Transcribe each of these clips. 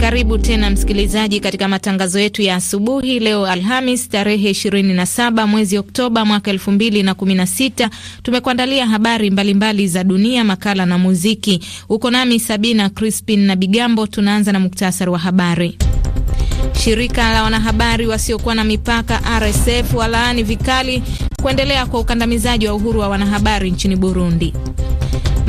Karibu tena msikilizaji, katika matangazo yetu ya asubuhi leo Alhamis tarehe 27 mwezi Oktoba mwaka 2016. Tumekuandalia habari mbalimbali mbali za dunia, makala na muziki. Uko nami Sabina Crispin na Bigambo. Tunaanza na muktasari wa habari. Shirika la wanahabari wasiokuwa na mipaka RSF walaani vikali kuendelea kwa ukandamizaji wa uhuru wa wanahabari nchini Burundi.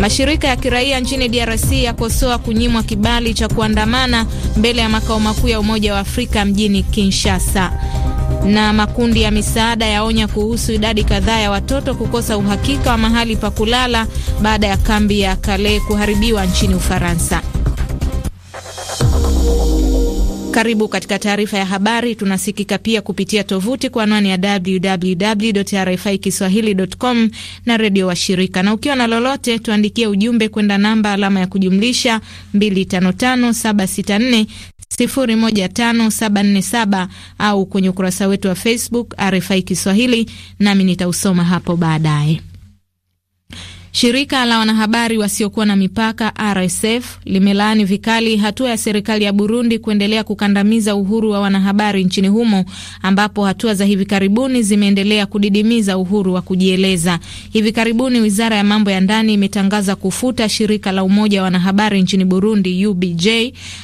Mashirika ya kiraia nchini DRC yakosoa kunyimwa kibali cha kuandamana mbele ya makao makuu ya Umoja wa Afrika mjini Kinshasa na makundi ya misaada yaonya kuhusu idadi kadhaa ya watoto kukosa uhakika wa mahali pa kulala baada ya kambi ya Calais kuharibiwa nchini Ufaransa. Karibu katika taarifa ya habari. Tunasikika pia kupitia tovuti kwa anwani ya www RFI kiswahilicom na redio wa shirika na ukiwa na lolote tuandikie ujumbe kwenda namba alama ya kujumlisha 255764015747 au kwenye ukurasa wetu wa Facebook RFI Kiswahili, nami nitausoma hapo baadaye. Shirika la wanahabari wasiokuwa na mipaka RSF limelaani vikali hatua ya serikali ya Burundi kuendelea kukandamiza uhuru wa wanahabari nchini humo, ambapo hatua za hivi karibuni zimeendelea kudidimiza uhuru wa kujieleza. Hivi karibuni wizara ya mambo ya ndani imetangaza kufuta shirika la umoja wa wanahabari nchini Burundi UBJ,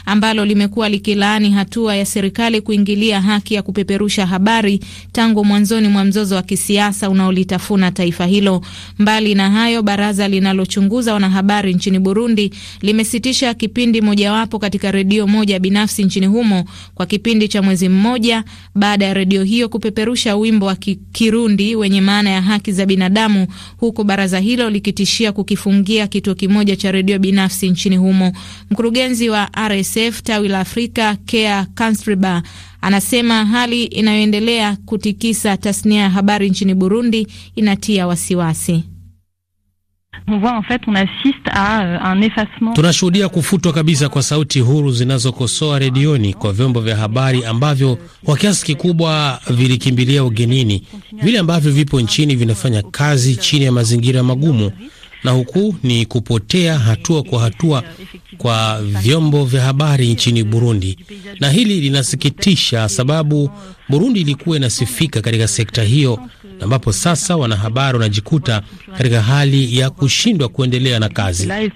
ambalo limekuwa likilaani hatua ya serikali kuingilia haki ya kupeperusha habari tangu mwanzoni mwa mzozo wa kisiasa unaolitafuna taifa hilo. Mbali na hayo baraza linalochunguza wanahabari nchini Burundi limesitisha kipindi mojawapo katika redio moja binafsi nchini humo kwa kipindi cha mwezi mmoja baada ya redio hiyo kupeperusha wimbo wa Kirundi wenye maana ya haki za binadamu, huku baraza hilo likitishia kukifungia kituo kimoja cha redio binafsi nchini humo. Mkurugenzi wa RSF tawi la Afrika Kea Kansriba anasema hali inayoendelea kutikisa tasnia ya habari nchini Burundi inatia wasiwasi on voit en fait on assiste à euh, un effacement. Tunashuhudia kufutwa kabisa kwa sauti huru zinazokosoa redioni kwa vyombo vya habari ambavyo kwa kiasi kikubwa vilikimbilia ugenini. Vile ambavyo vipo nchini vinafanya kazi chini ya mazingira magumu, na huku ni kupotea hatua kwa hatua kwa vyombo vya habari nchini Burundi, na hili linasikitisha, sababu Burundi ilikuwa inasifika katika sekta hiyo na ambapo sasa wanahabari wanajikuta katika hali ya kushindwa kuendelea na kazi. Euh,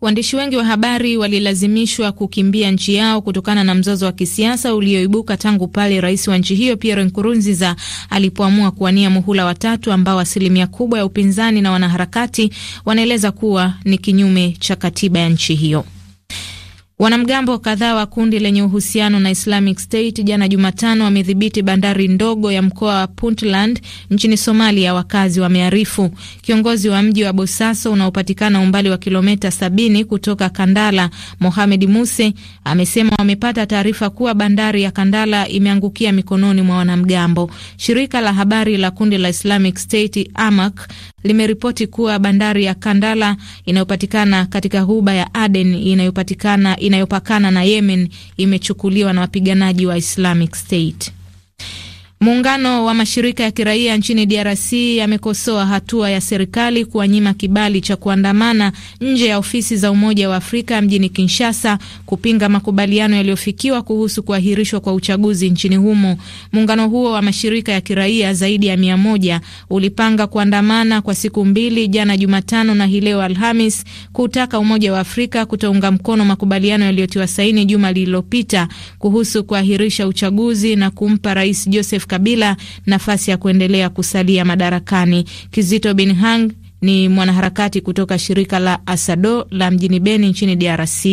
Waandishi wengi wa habari walilazimishwa kukimbia nchi yao kutokana na mzozo wa kisiasa ulioibuka tangu pale rais wa nchi hiyo Pierre Nkurunziza alipoamua kuwania muhula watatu ambao asilimia kubwa ya upinzani na wanaharakati wanaeleza kuwa ni kinyume cha katiba ya nchi hiyo. Wanamgambo kadhaa wa kundi lenye uhusiano na Islamic State jana Jumatano wamedhibiti bandari ndogo ya mkoa wa Puntland nchini Somalia, wakazi wamearifu. Kiongozi wa mji wa Bosaso unaopatikana umbali wa kilometa 70 kutoka Kandala, Mohamed Muse amesema wamepata taarifa kuwa bandari ya Kandala imeangukia mikononi mwa wanamgambo. Shirika la habari la kundi la Islamic State Amaq limeripoti kuwa bandari ya Kandala inayopatikana katika huba ya Aden inayopatikana inayopakana na Yemen imechukuliwa na wapiganaji wa Islamic State. Muungano wa mashirika ya kiraia nchini DRC yamekosoa hatua ya serikali kuwanyima kibali cha kuandamana nje ya ofisi za Umoja wa Afrika mjini Kinshasa kupinga makubaliano yaliyofikiwa kuhusu kuahirishwa kwa uchaguzi nchini humo. Muungano huo wa mashirika ya kiraia zaidi ya mia moja ulipanga kuandamana kwa siku mbili jana Jumatano na hii leo Alhamis kutaka Umoja wa Afrika kutounga mkono makubaliano yaliyotiwa saini juma lililopita kuhusu kuahirisha uchaguzi na kumpa Rais Joseph Kabila nafasi ya kuendelea kusalia madarakani. Kizito Binhang ni mwanaharakati kutoka shirika la Asado la mjini Beni nchini DRC.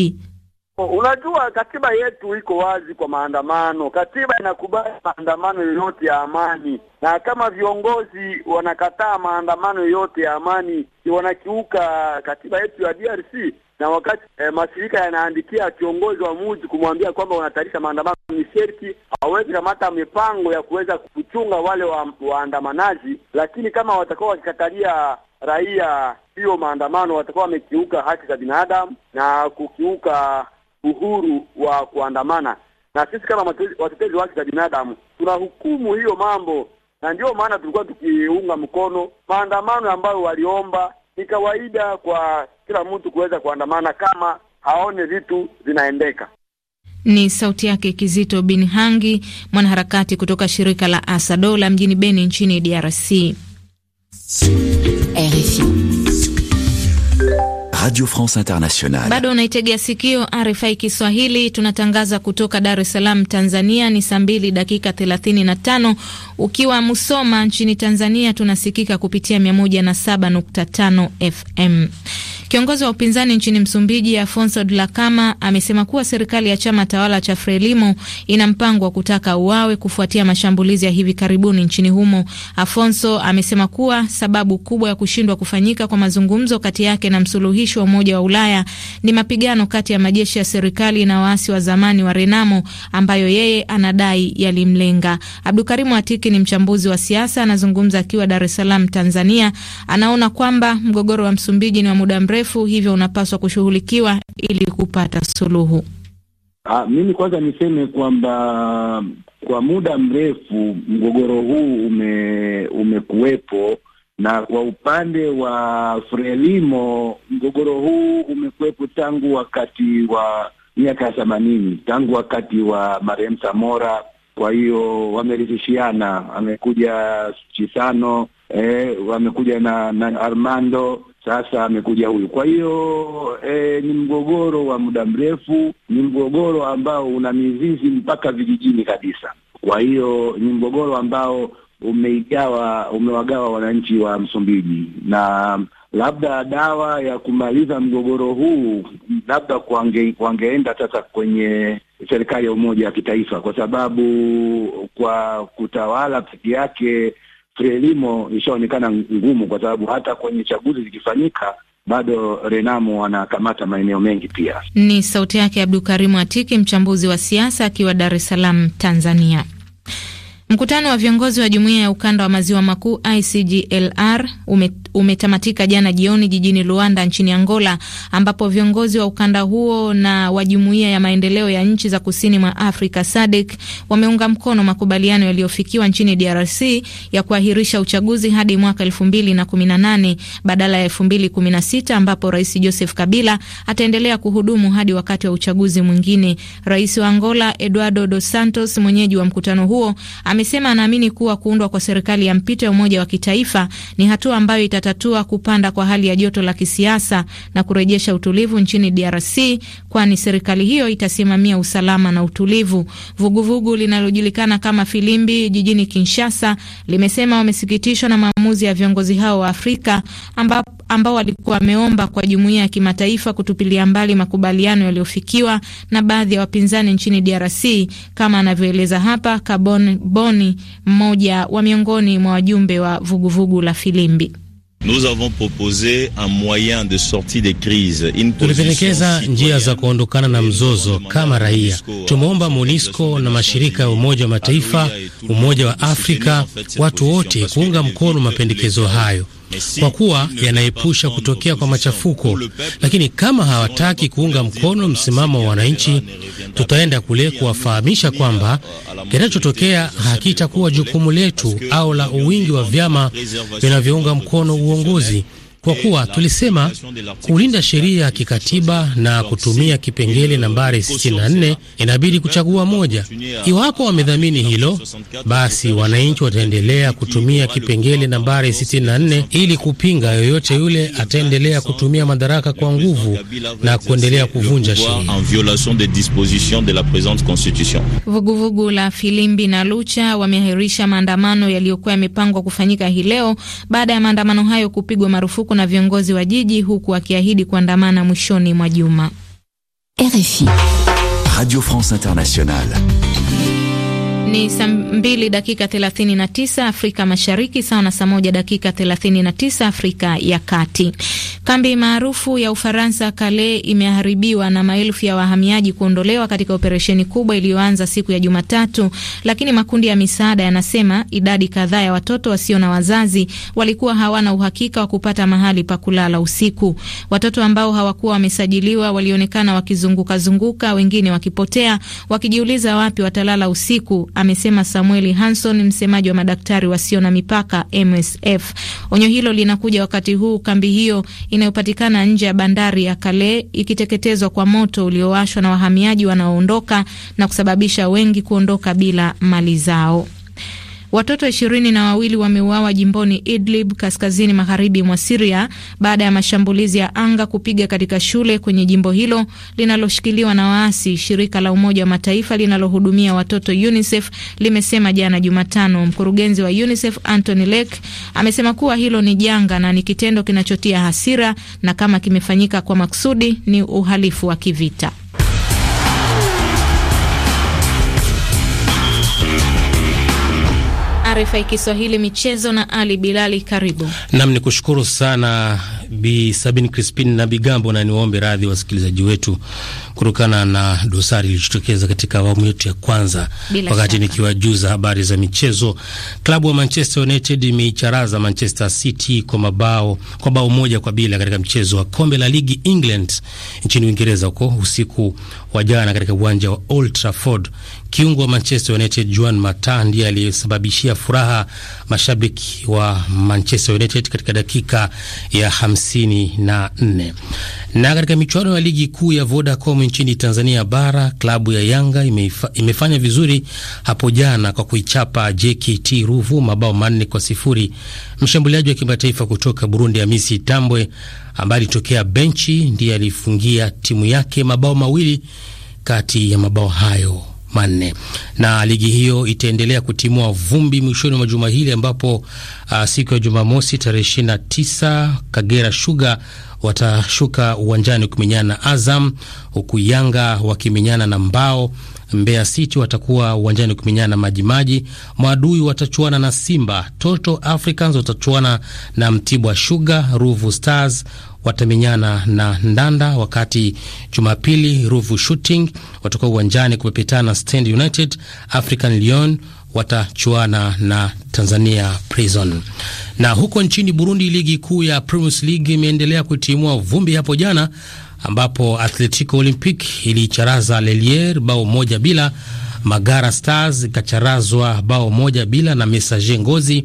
Unajua, katiba yetu iko wazi kwa maandamano. Katiba inakubali maandamano yoyote ya amani, na kama viongozi wanakataa maandamano yoyote ya amani, wanakiuka katiba yetu ya DRC na wakati eh, mashirika yanaandikia kiongozi wa mji kumwambia kwamba wanatayarisha maandamano, ni sherti aweze kamata mipango ya kuweza kuchunga wale wa, waandamanaji, lakini kama watakuwa wakikatalia raia hiyo maandamano, watakuwa wamekiuka haki za binadamu na kukiuka uhuru wa kuandamana. Na sisi kama watetezi wa haki za binadamu tunahukumu hiyo mambo, na ndiyo maana tulikuwa tukiunga mkono maandamano ambayo waliomba ni kawaida kwa kila mtu kuweza kuandamana kama haone vitu vinaendeka. Ni sauti yake Kizito Bin Hangi, mwanaharakati kutoka shirika la Asadola mjini Beni nchini DRC. RFI. Radio France Internationale. Bado unaitegea sikio RFI Kiswahili, tunatangaza kutoka Dar es Salaam, Tanzania. Ni saa mbili dakika 35. Ukiwa Musoma nchini Tanzania, tunasikika kupitia 107.5 FM. Kiongozi wa upinzani nchini Msumbiji, Afonso Dhlakama, amesema kuwa serikali ya chama tawala cha Frelimo ina mpango wa kutaka uawe kufuatia mashambulizi ya hivi karibuni nchini humo. Afonso amesema kuwa sababu kubwa ya kushindwa kufanyika kwa mazungumzo kati yake na msuluhishi wa Umoja wa Ulaya ni mapigano kati ya majeshi ya serikali na waasi wa zamani wa Renamo ambayo yeye anadai yalimlenga. Abdukarimu Atiki ni mchambuzi wa siasa, anazungumza akiwa Dar es Salaam, Tanzania. Anaona kwamba mgogoro wa Msumbiji ni wa muda mrefu mrefu, hivyo unapaswa kushughulikiwa ili kupata suluhu? Ah, mimi kwanza niseme kwamba kwa muda mrefu mgogoro huu ume, umekuwepo na kwa upande wa Frelimo mgogoro huu umekuwepo tangu wakati wa miaka ya themanini, tangu wakati wa marehemu Samora. Kwa hiyo wamerithishiana, amekuja Chisano eh, wamekuja na, na Armando sasa amekuja huyu. Kwa hiyo e, ni mgogoro wa muda mrefu, ni mgogoro ambao una mizizi mpaka vijijini kabisa. Kwa hiyo ni mgogoro ambao umeigawa, umewagawa wananchi wa Msumbiji, na labda dawa ya kumaliza mgogoro huu labda wangeenda sasa kwenye serikali ya umoja wa kitaifa, kwa sababu kwa kutawala peke yake kielimo ishaonekana ngumu, kwa sababu hata kwenye chaguzi zikifanyika bado Renamo wanakamata maeneo mengi. Pia ni sauti yake Abdukarimu Atiki, mchambuzi wa siasa akiwa Dar es Salaam, Tanzania. Mkutano wa viongozi wa jumuiya ya ukanda wa maziwa makuu ICGLR umetamatika jana jioni jijini Luanda nchini Angola, ambapo viongozi wa ukanda huo na wa jumuiya ya maendeleo ya nchi za kusini mwa Afrika SADC wameunga mkono makubaliano yaliyofikiwa nchini DRC ya kuahirisha uchaguzi hadi mwaka 2018 badala ya 2016 ambapo Rais Joseph Kabila ataendelea kuhudumu hadi wakati wa uchaguzi mwingine. Rais wa Angola Eduardo Dos Santos, mwenyeji wa mkutano huo amesema anaamini kuwa kuundwa kwa serikali ya mpito ya umoja wa kitaifa ni hatua ambayo itatatua kupanda kwa hali ya joto la kisiasa na kurejesha utulivu nchini DRC, kwani serikali hiyo itasimamia usalama na utulivu. Vuguvugu linalojulikana kama Filimbi jijini Kinshasa limesema wamesikitishwa na maamuzi ya viongozi hao wa Afrika ambao walikuwa wameomba kwa jumuiya ya kimataifa kutupilia mbali makubaliano yaliyofikiwa na baadhi ya wapinzani nchini DRC, kama anavyoeleza hapa Kabon Bon Msoni, mmoja wa miongoni mwa wajumbe wa vuguvugu vugu la Filimbi. Tulipendekeza njia za kuondokana na mzozo kama raia. Tumeomba MONUSCO na mashirika ya Umoja wa Mataifa, Umoja wa Afrika, watu wote kuunga mkono mapendekezo hayo kwa kuwa yanaepusha kutokea kwa machafuko. Lakini kama hawataki kuunga mkono msimamo wa wananchi, tutaenda kule kuwafahamisha kwamba kinachotokea hakitakuwa jukumu letu au la uwingi wa vyama vinavyounga mkono uongozi, kwa eh, kuwa tulisema kulinda sheria ya kikatiba na kutumia kipengele nambari 64, inabidi kuchagua moja. Iwapo wamedhamini hilo, basi wananchi wataendelea kutumia kipengele nambari 64 ili kupinga yoyote yule ataendelea kutumia madaraka kwa nguvu na kuendelea kuvunja sheria. Vuguvugu la Filimbi na Lucha wameahirisha maandamano yaliyokuwa yamepangwa kufanyika hii leo baada ya maandamano hayo kupigwa marufuku na viongozi wa jiji huku akiahidi kuandamana mwishoni mwa juma. RFI Radio France Internationale. Ni saa mbili dakika thelathini na tisa Afrika Mashariki, sawa na saa moja dakika thelathini na tisa Afrika ya Kati. Kambi maarufu ya Ufaransa Kale imeharibiwa na maelfu ya wahamiaji kuondolewa katika operesheni kubwa iliyoanza siku ya Jumatatu, lakini makundi ya misaada yanasema idadi kadhaa ya watoto wasio na wazazi walikuwa hawana uhakika wa kupata mahali pa kulala usiku. Watoto ambao hawakuwa wamesajiliwa walionekana wakizungukazunguka, wengine wakipotea, wakijiuliza wapi watalala usiku amesema Samuel Hanson, msemaji wa madaktari wasio na mipaka MSF. Onyo hilo linakuja wakati huu kambi hiyo inayopatikana nje ya bandari ya Kale ikiteketezwa kwa moto uliowashwa na wahamiaji wanaoondoka na kusababisha wengi kuondoka bila mali zao. Watoto ishirini na wawili wameuawa jimboni Idlib kaskazini magharibi mwa Siria baada ya mashambulizi ya anga kupiga katika shule kwenye jimbo hilo linaloshikiliwa na waasi. Shirika la Umoja wa Mataifa linalohudumia watoto UNICEF limesema jana Jumatano. Mkurugenzi wa UNICEF Anthony Lake amesema kuwa hilo ni janga na ni kitendo kinachotia hasira na kama kimefanyika kwa makusudi ni uhalifu wa kivita. RFI Kiswahili michezo na Ali Bilali, karibu nam. Ni kushukuru sana Bi Sabin Crispin na Bigambo, na niwaombe radhi wasikilizaji wetu kutokana na dosari ilijitokeza katika awamu yetu ya kwanza. Bila wakati shaka, nikiwajuza habari za michezo, klabu ya Manchester United imeicharaza Manchester City kwa mabao kwa bao moja kwa bila katika mchezo wa kombe la ligi England nchini Uingereza huko usiku wa jana katika uwanja wa Old Trafford. Kiungo wa Manchester United Juan Mata ndiye aliyesababishia furaha mashabiki wa Manchester United katika dakika ya 54. Na katika michuano ya ligi kuu ya Vodacom nchini Tanzania bara, klabu ya Yanga imefanya vizuri hapo jana kwa kuichapa JKT Ruvu mabao manne kwa sifuri. Mshambuliaji wa kimataifa kutoka Burundi Hamisi Tambwe ambaye alitokea benchi ndiye alifungia timu yake mabao mawili kati ya mabao hayo manne. Na ligi hiyo itaendelea kutimua vumbi mwishoni mwa juma hili ambapo uh, siku ya Jumamosi tarehe 29 Kagera Sugar watashuka uwanjani kumenyana na Azam, huku Yanga wakimenyana na Mbao. Mbeya City watakuwa uwanjani kumenyana na Majimaji. Mwadui watachuana na Simba. Toto Africans watachuana na Mtibwa Sugar. Ruvu Stars watamenyana na Ndanda, wakati Jumapili Ruvu Shooting watakuwa uwanjani kupepetana Stand United, African Lyon watachuana na Tanzania Prison. Na huko nchini Burundi, ligi kuu ya Primus League imeendelea kutimua vumbi hapo jana ambapo Atletico Olympic iliicharaza Lelier bao moja bila, Magara Stars ikacharazwa bao moja bila na Messager Ngozi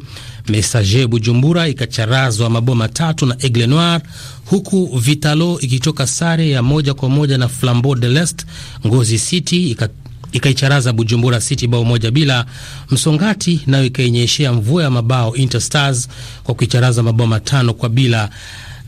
Messager Bujumbura ikacharazwa mabao matatu na Aigle Noir, huku Vitalo ikitoka sare ya moja kwa moja na Flambeau de Lest. Ngozi City ika ikaicharaza Bujumbura City bao moja bila. Msongati nayo ikainyeshea mvua ya mabao Stars kwa kuicharaza mabao matano kwa bila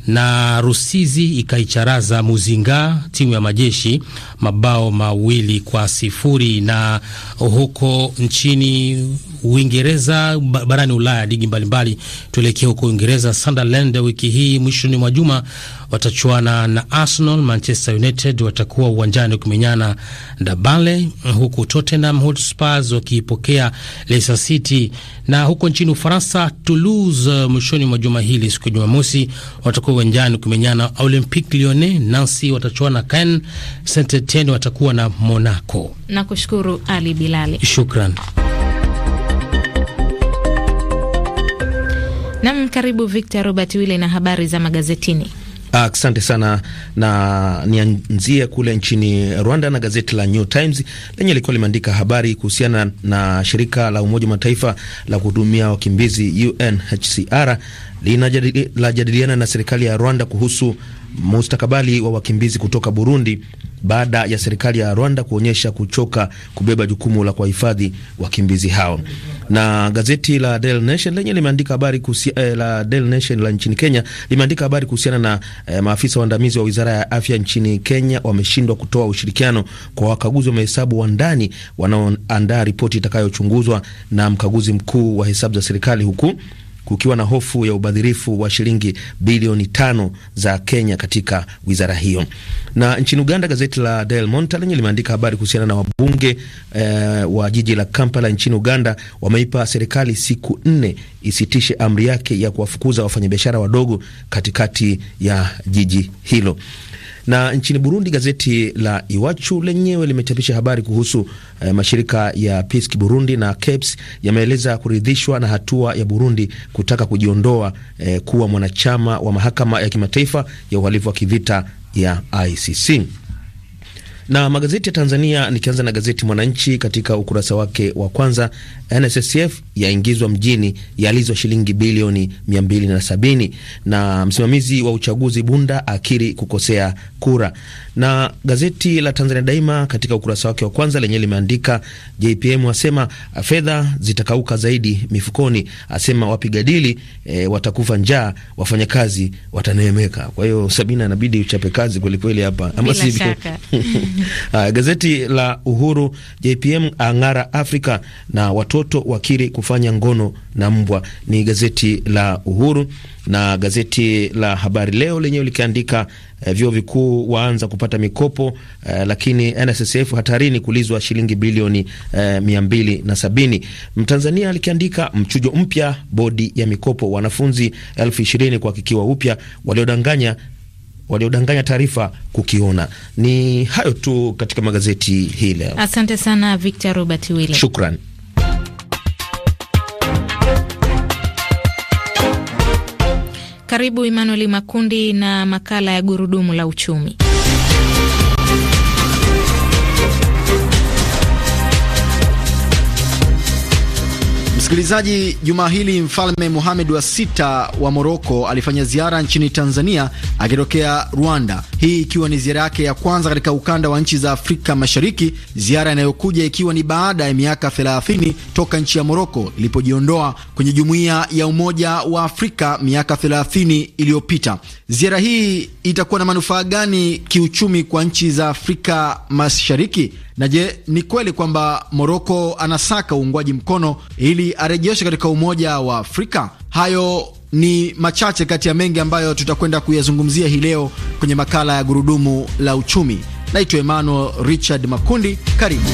na Rusizi ikaicharaza Muzinga timu ya majeshi mabao mawili kwa sifuri. Na huko nchini Uingereza, barani Ulaya, ligi mbalimbali. Tuelekee huko Uingereza. Sunderland wiki hii mwishoni mwa juma watachuana na Arsenal. Manchester United watakuwa uwanjani kumenyana na Burnley, huku Tottenham Hotspurs wakiipokea Leicester City. Na huko nchini Ufaransa, Toulouse mwishoni mwa juma hili, siku ya Jumamosi, watakuwa uwanjani kumenyana Olympique Lyonnais. Nancy watachuana Caen, Saint Etienne watakuwa na Monaco. Nakushukuru Ali Bilali, shukran. Nam, karibu Victor Robert Wile na habari za magazetini. Ah, asante sana na nianzie kule nchini Rwanda na gazeti la New Times lenye likuwa limeandika habari kuhusiana na shirika la Umoja Mataifa la kuhudumia wakimbizi UNHCR linajadiliana na serikali ya Rwanda kuhusu mustakabali wa wakimbizi kutoka Burundi baada ya serikali ya Rwanda kuonyesha kuchoka kubeba jukumu la kuwahifadhi wakimbizi hao. Na gazeti la Daily Nation lenye limeandika habari kusi, eh, la Daily Nation la nchini Kenya limeandika habari kuhusiana na eh, maafisa waandamizi wa Wizara ya Afya nchini Kenya wameshindwa kutoa ushirikiano kwa wakaguzi wa mahesabu wa ndani wanaoandaa ripoti itakayochunguzwa na mkaguzi mkuu wa hesabu za serikali huku kukiwa na hofu ya ubadhirifu wa shilingi bilioni tano za Kenya katika wizara hiyo. Na nchini Uganda, gazeti la Daily Monitor lenye limeandika habari kuhusiana na wabunge eh, wa jiji la Kampala nchini Uganda wameipa serikali siku nne isitishe amri yake ya kuwafukuza wafanyabiashara wadogo katikati ya jiji hilo. Na nchini Burundi, gazeti la Iwachu lenyewe limechapisha habari kuhusu eh, mashirika ya Pisk Burundi na Caps yameeleza kuridhishwa na hatua ya Burundi kutaka kujiondoa eh, kuwa mwanachama wa mahakama ya kimataifa ya uhalifu wa kivita ya ICC. Na magazeti ya Tanzania, nikianza na gazeti Mwananchi katika ukurasa wake wa kwanza, NSSF yaingizwa mjini, yalizwa shilingi bilioni 270, na msimamizi wa uchaguzi Bunda akiri kukosea kura. Na gazeti la Tanzania Daima katika ukurasa wake wa kwanza lenyewe limeandika JPM asema fedha zitakauka zaidi mifukoni, asema wapiga dili e, watakufa njaa, wafanyakazi watanemeka. Kwa hiyo Sabina, inabidi uchape kazi kwelikweli hapa, ama sivyo Uh, gazeti la Uhuru, JPM ang'ara Afrika na watoto wakiri kufanya ngono na mbwa, ni gazeti la Uhuru na gazeti la Habari Leo lenyewe likiandika eh, vyuo vikuu waanza kupata mikopo eh, lakini NSSF hatarini kulizwa shilingi bilioni eh, mia mbili na sabini. Mtanzania likiandika mchujo mpya bodi ya mikopo, wanafunzi elfu ishirini kuhakikiwa upya waliodanganya waliodanganya taarifa kukiona. Ni hayo tu katika magazeti hii leo. Asante sana Victor Robert Wile, shukran. Karibu Emmanuel Makundi na makala ya gurudumu la uchumi. Msikilizaji, jumaa hili mfalme muhamed wa sita wa Moroko alifanya ziara nchini Tanzania akitokea Rwanda, hii ikiwa ni ziara yake ya kwanza katika ukanda wa nchi za Afrika Mashariki, ziara inayokuja ikiwa ni baada ya miaka 30 toka nchi ya Moroko ilipojiondoa kwenye jumuiya ya Umoja wa Afrika miaka 30 iliyopita. Ziara hii itakuwa na manufaa gani kiuchumi kwa nchi za Afrika Mashariki? Na je, ni kweli kwamba Moroko anasaka uungwaji mkono ili arejeshe katika Umoja wa Afrika? Hayo ni machache kati ya mengi ambayo tutakwenda kuyazungumzia hii leo kwenye makala ya Gurudumu la Uchumi. Naitwa Emmanuel Richard Makundi, karibu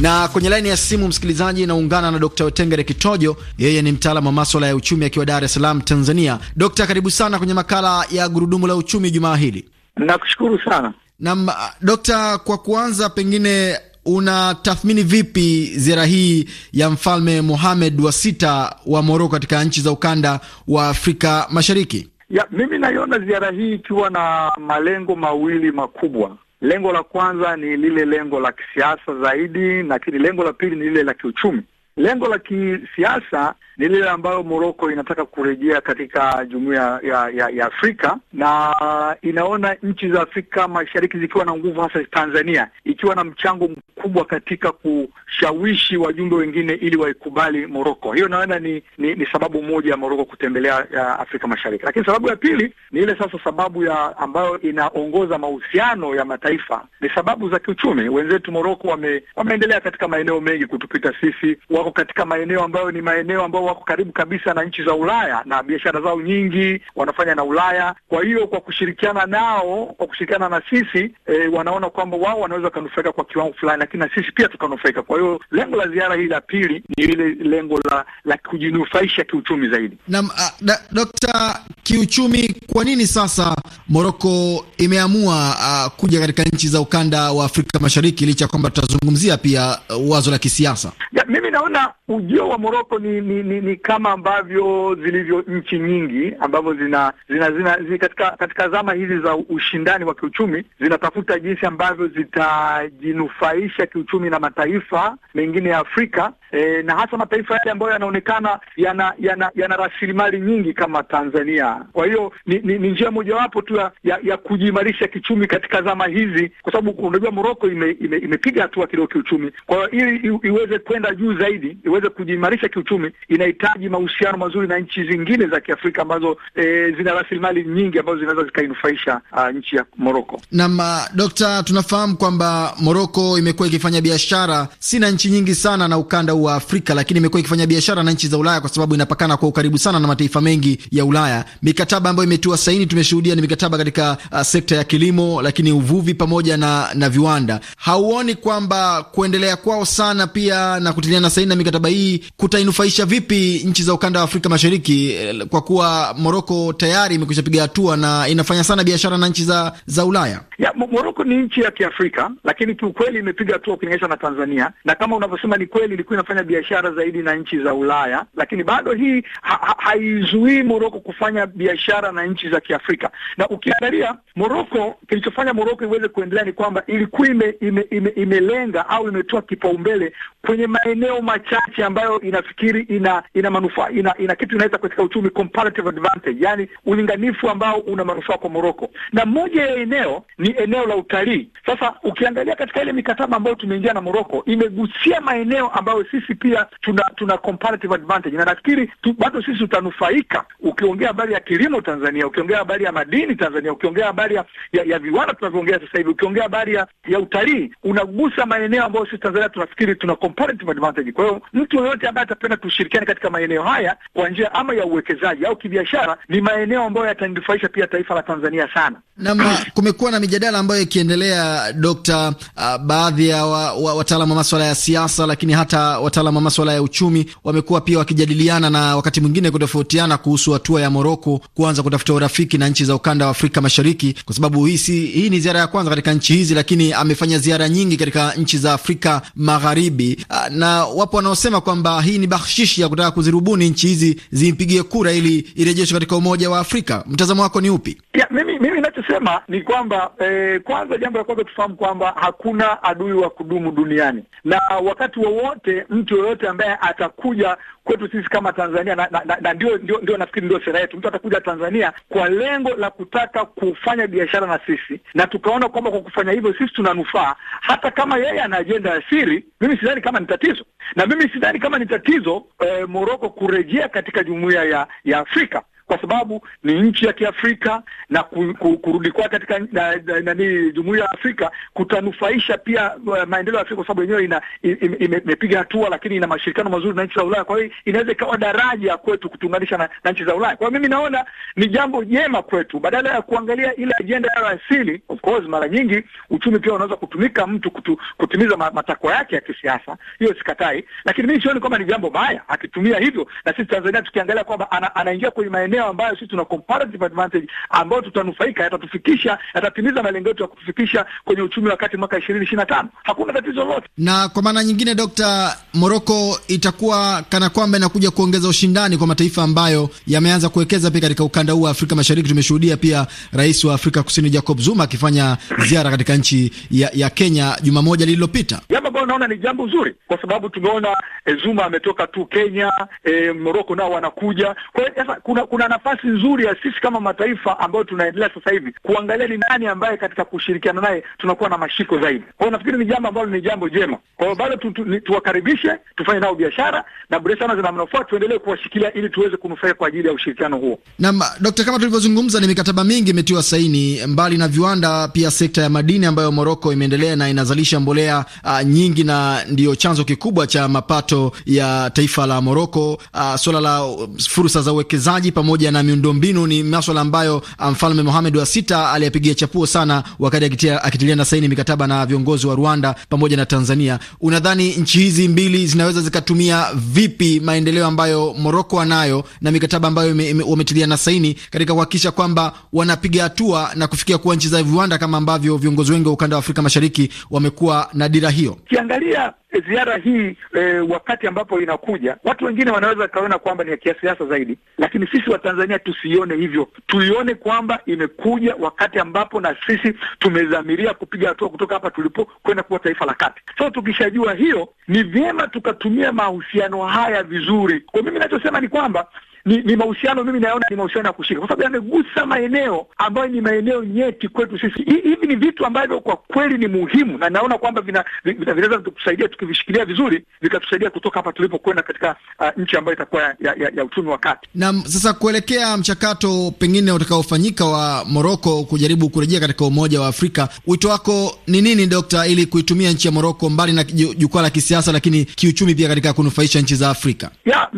na kwenye laini ya simu msikilizaji, naungana na Dr. Wetengere Kitojo. Yeye ni mtaalamu wa maswala ya uchumi akiwa Dar es Salaam, Tanzania. Dokta, karibu sana kwenye makala ya gurudumu la uchumi jumaa hili. Nakushukuru sana. nam ah, Dokta, kwa kuanza, pengine unatathmini vipi ziara hii ya Mfalme Mohamed wa sita wa Moroko katika nchi za ukanda wa Afrika Mashariki? Ya, mimi naiona ziara hii ikiwa na malengo mawili makubwa. Lengo la kwanza ni lile lengo la kisiasa zaidi, lakini lengo la pili ni lile la kiuchumi. Lengo la kisiasa ni lile ambayo Moroko inataka kurejea katika jumuiya ya, ya, ya Afrika na inaona nchi za Afrika Mashariki zikiwa na nguvu, hasa Tanzania ikiwa na mchango mkubwa katika kushawishi wajumbe wengine ili waikubali Moroko. Hiyo naona ni, ni, ni sababu moja ya Moroko kutembelea ya Afrika Mashariki, lakini sababu ya pili ni ile sasa sababu ya ambayo inaongoza mahusiano ya mataifa ni sababu za kiuchumi. Wenzetu Moroko wame, wameendelea katika maeneo mengi kutupita sisi, wako katika maeneo ambayo ni maeneo ambayo wako karibu kabisa na nchi za Ulaya na biashara zao nyingi wanafanya na Ulaya. Kwa hiyo kwa kushirikiana nao, kwa kushirikiana na sisi e, wanaona kwamba wao wanaweza wakanufaika kwa kiwango fulani, lakini na sisi pia tukanufaika. Kwa hiyo lengo la ziara hii la pili ni ile lengo la la kujinufaisha kiuchumi zaidi. Naam, Dokta, kiuchumi, kwa nini sasa Moroko imeamua a, kuja katika nchi za ukanda wa Afrika Mashariki licha ya kwamba tutazungumzia pia wazo la kisiasa? Ya, mimi naona ujio wa Moroko ni, ni, ni, ni kama ambavyo zilivyo nchi nyingi ambavyo zina, zina, zina, zina katika, katika zama hizi za ushindani wa kiuchumi zinatafuta jinsi ambavyo zitajinufaisha kiuchumi na mataifa mengine ya Afrika e, na hasa mataifa yale ambayo yanaonekana yana yana, yana rasilimali nyingi kama Tanzania. Kwa hiyo ni, ni, ni njia mojawapo tu ya, ya, ya kujiimarisha kichumi katika zama hizi, kwa sababu unajua Moroko imepiga ime, ime hatua kidogo kiuchumi. Kwa hiyo ili iweze kwenda juu zaidi, iweze kujiimarisha kiuchumi, inahitaji mahusiano mazuri na nchi zingine za Kiafrika ambazo e, zina rasilimali nyingi ambazo zinaweza zikainufaisha nchi ya Moroko. Naam, Dokta, tunafahamu kwamba Moroko imekuwa ikifanya biashara si na nchi nyingi sana na ukanda wa Afrika, lakini imekuwa ikifanya biashara na nchi za Ulaya kwa sababu inapakana kwa ukaribu sana na mataifa mengi ya Ulaya. Mikataba ambayo imetiwa saini tumeshuhudia ni mikataba katika uh, sekta ya kilimo, lakini uvuvi pamoja na, na viwanda. Hauoni kwamba kuendelea kwao sana pia na kutiliana saini na mikataba hii kutainufaisha vipi nchi za ukanda wa Afrika Mashariki, eh, kwa kuwa Moroko tayari imekwisha piga hatua na inafanya sana biashara na nchi za, za Ulaya? ya Moroko ni nchi ya Kiafrika, lakini kiukweli imepiga hatua ukilinganisha na Tanzania, na kama unavyosema ni kweli, ilikuwa inafanya biashara zaidi na nchi za Ulaya, lakini bado hii ha ha haizuii moroko kufanya biashara na nchi za Kiafrika. Na ukiangalia moroko kilichofanya moroko iweze kuendelea ni kwamba ilikuwa ime, ime, ime, imelenga au imetoa kipaumbele kwenye maeneo machache ambayo inafikiri ina ina manufaa ina, ina kitu inaweza katika uchumi comparative advantage, yani ulinganifu ambao una manufaa kwa moroko na moja ya eneo ni eneo la utalii. Sasa ukiangalia katika ile mikataba ambayo tumeingia na Moroko, imegusia maeneo ambayo sisi pia tuna tuna comparative advantage, na nafikiri bado sisi tutanufaika. Ukiongea habari ya kilimo Tanzania, ukiongea habari ya madini Tanzania, ukiongea habari ya, ya, ya viwanda tunavyoongea sasa hivi, ukiongea habari ya, ya utalii, unagusa maeneo ambayo sisi Tanzania tunafikiri tuna comparative advantage. Kwa hiyo mtu yoyote ambaye atapenda tushirikiane katika maeneo haya kwa njia ama ya uwekezaji au kibiashara, ni maeneo ambayo yatanufaisha pia taifa la Tanzania sana na kumekuwa na mijadala mijadala ambayo ikiendelea Dokta, uh, baadhi ya wa, wa, wa maswala ya siasa, lakini hata wataalamu wa maswala ya uchumi wamekuwa pia wakijadiliana na wakati mwingine kutofautiana kuhusu hatua ya Moroko kuanza kutafuta urafiki na nchi za ukanda wa Afrika Mashariki, kwa sababu hii, si, hii ni ziara ya kwanza katika nchi hizi, lakini amefanya ziara nyingi katika nchi za Afrika Magharibi, uh, na wapo wanaosema kwamba hii ni bakshishi ya kutaka kuzirubuni nchi hizi zimpigie kura ili irejeshwe katika Umoja wa Afrika. Mtazamo wako ni upi? Ya, mimi, mimi nachosema ni kwamba E, kwanza jambo la kwanza tufahamu kwamba hakuna adui wa kudumu duniani, na wakati wowote wa mtu yoyote ambaye atakuja kwetu sisi kama Tanzania na, na, na, na ndio, ndio, ndio nafikiri ndio sera yetu. Mtu atakuja Tanzania kwa lengo la kutaka kufanya biashara na sisi, na tukaona kwamba kwa kufanya hivyo sisi tunanufaa, hata kama yeye ana ajenda ya siri. Mimi sidhani kama ni tatizo, na mimi sidhani kama ni tatizo eh, Moroko kurejea katika jumuiya ya, ya Afrika kwa sababu ni nchi ya Kiafrika na ku, ku, kurudi kwake katika nani jumuiya ya Afrika kutanufaisha pia uh, maendeleo ya Afrika kwa sababu yenyewe ina imepiga hatua, lakini ina mashirikiano mazuri na nchi za Ulaya. Kwa hiyo inaweza ikawa daraja kwetu kutuunganisha na, na nchi za Ulaya. Kwa hiyo mimi naona ni jambo jema kwetu, badala ya kuangalia ile ajenda ya asili. Of course mara nyingi uchumi pia unaweza kutumika mtu kutu, kutimiza matakwa yake ya kisiasa, hiyo sikatai, lakini mimi sioni kwamba ni jambo baya akitumia hivyo, na sisi Tanzania tukiangalia kwamba anaingia ana kwenye maeneo maeneo ambayo sisi tuna comparative advantage ambayo tutanufaika, yatatufikisha, yatatimiza malengo yetu ya kufikisha kwenye uchumi wa kati mwaka 2025. Hakuna tatizo lolote. Na kwa maana nyingine, Dr. Morocco itakuwa kana kwamba inakuja kuongeza ushindani kwa mataifa ambayo yameanza kuwekeza pia katika ukanda huu wa Afrika Mashariki. Tumeshuhudia pia rais wa Afrika Kusini Jacob Zuma akifanya ziara katika nchi ya, ya Kenya juma moja lililopita, jambo ambalo naona ni jambo zuri kwa sababu tumeona e, Zuma ametoka tu Kenya, e, Morocco nao wanakuja kwa, yasa, kuna, kuna nafasi nzuri ya sisi kama mataifa ambayo tunaendelea sasa hivi kuangalia ni nani ambaye katika kushirikiana naye tunakuwa na mashiko zaidi. Kwa hiyo nafikiri ni jambo ambalo ni jambo jema. Kwa hiyo bado tuwakaribishe, tu, tu, tu tufanye nao biashara na bure sana zina manufaa, tuendelee kuwashikilia ili tuweze kunufaika kwa ajili ya ushirikiano huo. Naam, Dkt. kama tulivyozungumza, ni mikataba mingi imetiwa saini, mbali na viwanda, pia sekta ya madini ambayo Moroko imeendelea na inazalisha mbolea uh, nyingi na ndiyo chanzo kikubwa cha mapato ya taifa la Moroko. Uh, suala la um, fursa za uwekezaji pamoja pamoja na miundombinu ni maswala ambayo uh, Mfalme Mohamed wa sita aliyapigia chapuo sana wakati akitiliana saini mikataba na viongozi wa Rwanda pamoja na Tanzania. Unadhani nchi hizi mbili zinaweza zikatumia vipi maendeleo ambayo Moroko anayo na mikataba ambayo wametilia na saini katika kuhakikisha kwamba wanapiga hatua na kufikia kuwa nchi za viwanda kama ambavyo viongozi wengi wa ukanda wa Afrika Mashariki wamekuwa na dira hiyo? Kiangalia ziara hii e, wakati ambapo inakuja, watu wengine wanaweza wakaona kwamba ni ya kisiasa zaidi, lakini sisi Watanzania tusione hivyo, tuione kwamba imekuja wakati ambapo na sisi tumedhamiria kupiga hatua kutoka hapa tulipo kwenda kuwa taifa la kati. So tukishajua hiyo, ni vyema tukatumia mahusiano haya vizuri. Kwa mimi nachosema ni kwamba ni, ni mahusiano mimi nayaona ni mahusiano ya kushika, kwa sababu yamegusa maeneo ambayo ni maeneo nyeti kwetu sisi. Hivi ni vitu ambavyo kwa kweli ni muhimu, na naona kwamba vinaweza vina, vina, kutusaidia tukivishikilia vizuri, vikatusaidia kutoka hapa tulipokwenda katika uh, nchi ambayo itakuwa ya, ya, ya uchumi wa kati. Naam, sasa kuelekea mchakato pengine utakaofanyika wa Moroko kujaribu kurejea katika Umoja wa Afrika, wito wako ni nini Dokta, ili kuitumia nchi ya Moroko mbali na jukwaa la kisiasa, lakini kiuchumi pia katika kunufaisha nchi za Afrika? Ya,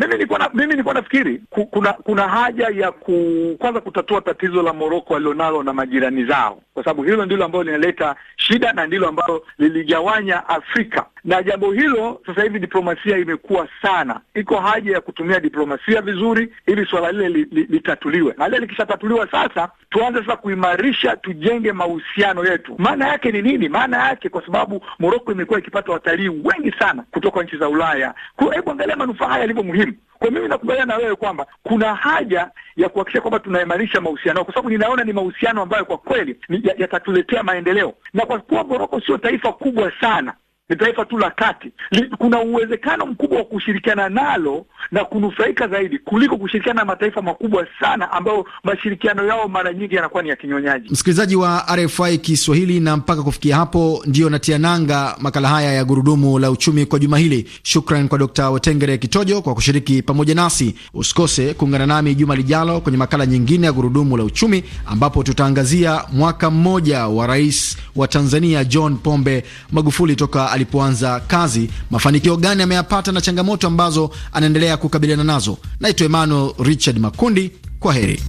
mimi nilikuwa nafikiri kuna kuna haja ya ku, kwanza kutatua tatizo la Moroko walilonalo na majirani zao, kwa sababu hilo ndilo ambalo linaleta shida na ndilo ambalo liligawanya Afrika na jambo hilo sasa hivi diplomasia imekuwa sana, iko haja ya kutumia diplomasia vizuri ili swala lile litatuliwe li, li na lile likishatatuliwa, sasa tuanze sasa kuimarisha, tujenge mahusiano yetu. Maana yake ni nini? Maana yake kwa sababu Moroko imekuwa ikipata watalii wengi sana kutoka nchi za Ulaya. Hebu angalia manufaa haya yalivyo muhimu. Kwa mimi nakubaliana na wewe kwamba kuna haja ya kuhakikisha kwamba tunaimarisha mahusiano, kwa sababu ninaona ni mahusiano ambayo kwa kweli yatatuletea ya maendeleo, na kwa kuwa Moroko sio taifa kubwa sana ni taifa tu la kati, kuna uwezekano mkubwa wa kushirikiana nalo na kunufaika zaidi kuliko kushirikiana na mataifa makubwa sana ambayo mashirikiano yao mara nyingi yanakuwa ni ya kinyonyaji. Msikilizaji wa RFI Kiswahili, na mpaka kufikia hapo ndio natia nanga makala haya ya gurudumu la uchumi kwa juma hili. Shukran kwa Dr. Wetengere Kitojo kwa kushiriki pamoja nasi. Usikose kuungana nami juma lijalo kwenye makala nyingine ya gurudumu la uchumi, ambapo tutaangazia mwaka mmoja wa rais wa Tanzania John Pombe Magufuli toka alipoanza kazi, mafanikio gani ameyapata na changamoto ambazo anaendelea kukabiliana nazo. Naitwa Emmanuel Richard Makundi, kwa heri.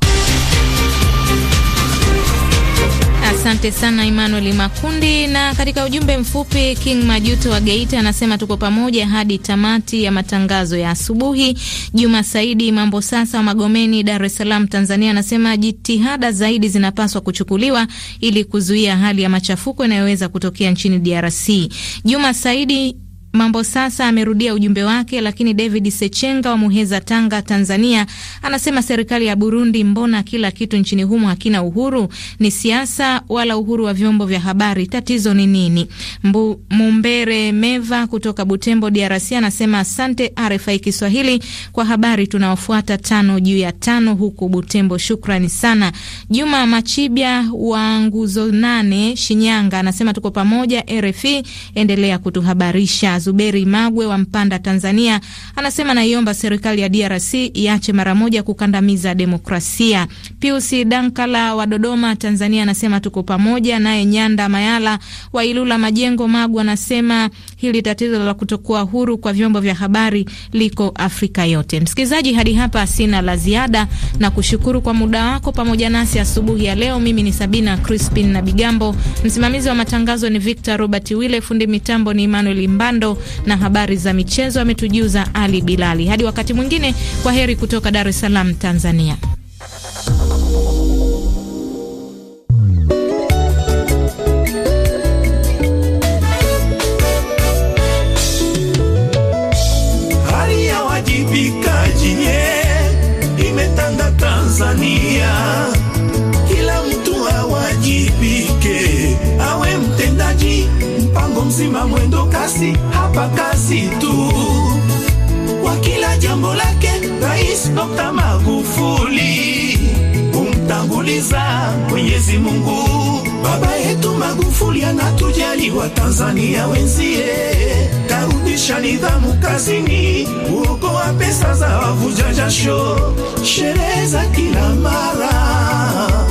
Asante sana Emmanuel Makundi. Na katika ujumbe mfupi, King Majuto wa Geita anasema tuko pamoja hadi tamati ya matangazo ya asubuhi. Juma Saidi Mambo Sasa wa Magomeni, Dar es Salaam, Tanzania, anasema jitihada zaidi zinapaswa kuchukuliwa ili kuzuia hali ya machafuko inayoweza kutokea nchini DRC. Juma Saidi Mambo sasa amerudia ujumbe wake, lakini David Sechenga wa Muheza, Tanga, Tanzania, anasema serikali ya Burundi, mbona kila kitu nchini humo hakina uhuru? Ni siasa wala uhuru wa vyombo vya habari? Tatizo ni nini? Mbu, Mumbere Meva kutoka Butembo, DRC, anasema asante RFI Kiswahili kwa habari tunaofuata tano juu ya tano huku Butembo, shukrani sana. Juma Machibia wa Nguzo Nane, Shinyanga, anasema tuko pamoja RFI, endelea kutuhabarisha. Zuberi Magwe wa Mpanda, Tanzania, anasema naiomba serikali ya DRC iache mara moja kukandamiza demokrasia. Pius Dankala wa Dodoma, Tanzania, anasema tuko pamoja naye. Nyanda Mayala wa Ilula Majengo Magwe anasema hili tatizo la kutokuwa huru kwa vyombo vya habari liko Afrika yote. Msikilizaji, hadi hapa sina la ziada na kushukuru kwa muda wako pamoja nasi asubuhi ya leo. Mimi ni Sabina Crispin na Bigambo, msimamizi wa matangazo ni Victor Robert Wile, fundi mitambo ni Emmanuel Mbando na habari za michezo ametujuza Ali Bilali. Hadi wakati mwingine, kwa heri kutoka Dar es Salaam, Tanzania. kasi hapa kasi tu kwa kila jambo lake Rais Dr. Magufuli kumtanguliza Mwenyezi Mungu. Baba yetu Magufuli anatujali wa tanzania wenzie, tarudisha nidhamu kazini, kuokoa pesa za wavuja jasho, sherehe za kila mara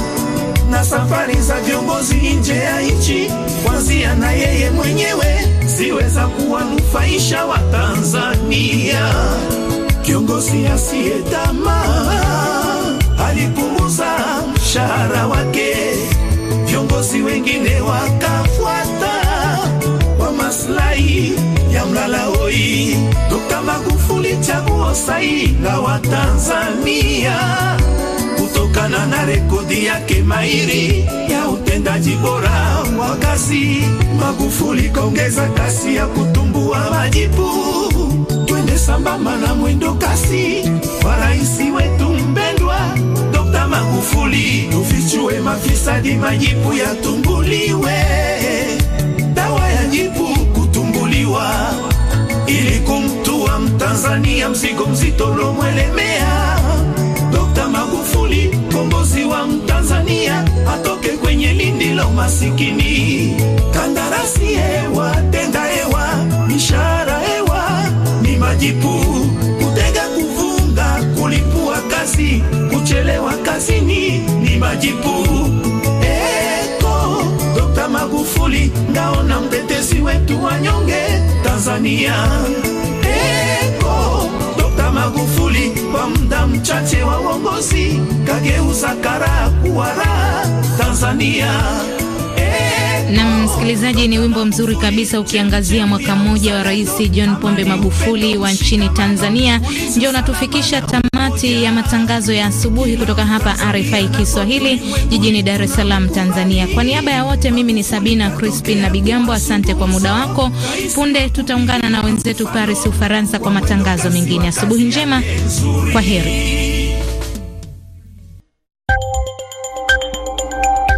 safari za viongozi nje ya nchi, kwanzia na yeye mwenyewe ziweza kuwanufaisha Watanzania. Kiongozi asiye tamaa alipunguza mshahara wake, viongozi wengine wakafuata kwa maslahi ya mlalahoi. Dkt. Magufuli chaguo sahihi la Watanzania kutokana na rekodi yake mairi ya utendaji bora wa kazi. Magufuli kaongeza kasi ya kutumbua majibu, twende sambamba na mwendo kasi wa rais wetu mpendwa Dokta Magufuli, tufichue mafisadi, majibu yatumbuliwe. Dawa ya jibu kutumbuliwa ili kumtua Mtanzania mzigo mzito lomwelemea na umasikini, kandarasi ewa tenda ewa mishara ewa ni majipu, kutega, kuvunga, kulipua kazi, kuchelewa kazini, ni majipu. Eko Dokta Magufuli, ngaona mtetezi wetu wanyonge Tanzania. Eko Dokta Magufuli kwa mda mchache wa uongozi kageuza karaha kuwa raha Tanzania. Na msikilizaji, ni wimbo mzuri kabisa ukiangazia mwaka mmoja wa Rais John Pombe Magufuli wa nchini Tanzania. Ndio unatufikisha kati ya matangazo ya asubuhi kutoka hapa RFI Kiswahili jijini Dar es Salaam, Tanzania. Kwa niaba ya wote, mimi ni Sabina Crispin na Bigambo, asante kwa muda wako. Punde tutaungana na wenzetu Paris, Ufaransa, kwa matangazo mengine. Asubuhi njema, kwa heri.